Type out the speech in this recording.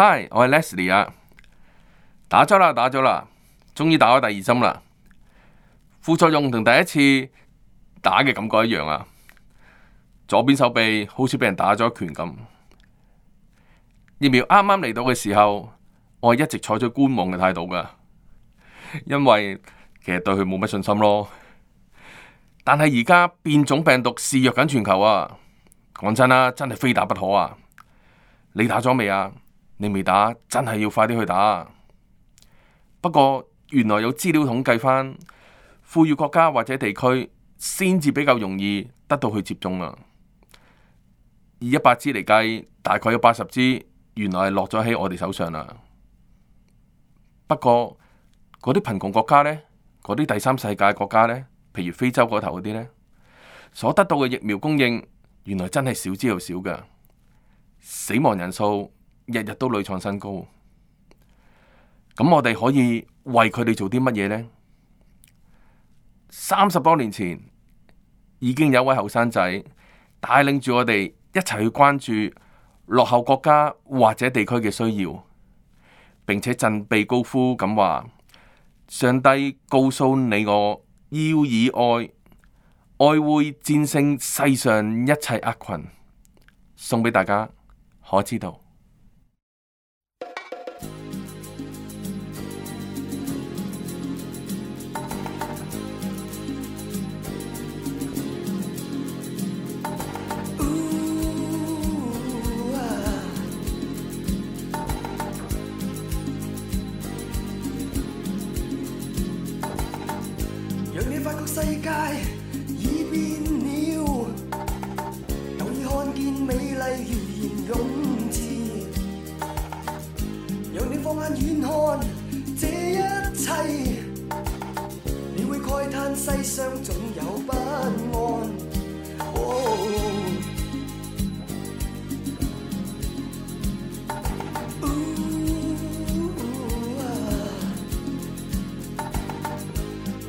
Hi，我係 Leslie 啊，打咗啦，打咗啦，終於打咗第二針啦。副作用同第一次打嘅感覺一樣啊，左邊手臂好似俾人打咗一拳咁。疫苗啱啱嚟到嘅時候，我係一直採取觀望嘅態度噶，因為其實對佢冇乜信心咯。但係而家變種病毒肆虐緊全球啊，講真啦，真係非打不可啊。你打咗未啊？你未打，真係要快啲去打。不過原來有資料統計返，富裕國家或者地區先至比較容易得到去接種啊。以一百支嚟計，大概有八十支原來係落咗喺我哋手上啦。不過嗰啲貧窮國家呢，嗰啲第三世界國家呢，譬如非洲嗰頭嗰啲呢，所得到嘅疫苗供應原來真係少之又少嘅。死亡人數，日日都屢創新高，咁我哋可以為佢哋做啲乜嘢呢？三十多年前已經有一位後生仔帶領住我哋一齊去關注落後國家或者地區嘅需要，並且振臂高呼咁話：上帝告訴你我，我要以愛愛會戰勝世上一切厄困。送俾大家，可知道？世界已變了，容易看見美麗容顏湧現。讓你放眼遠看這一切，你會慨嘆世上總有不幸。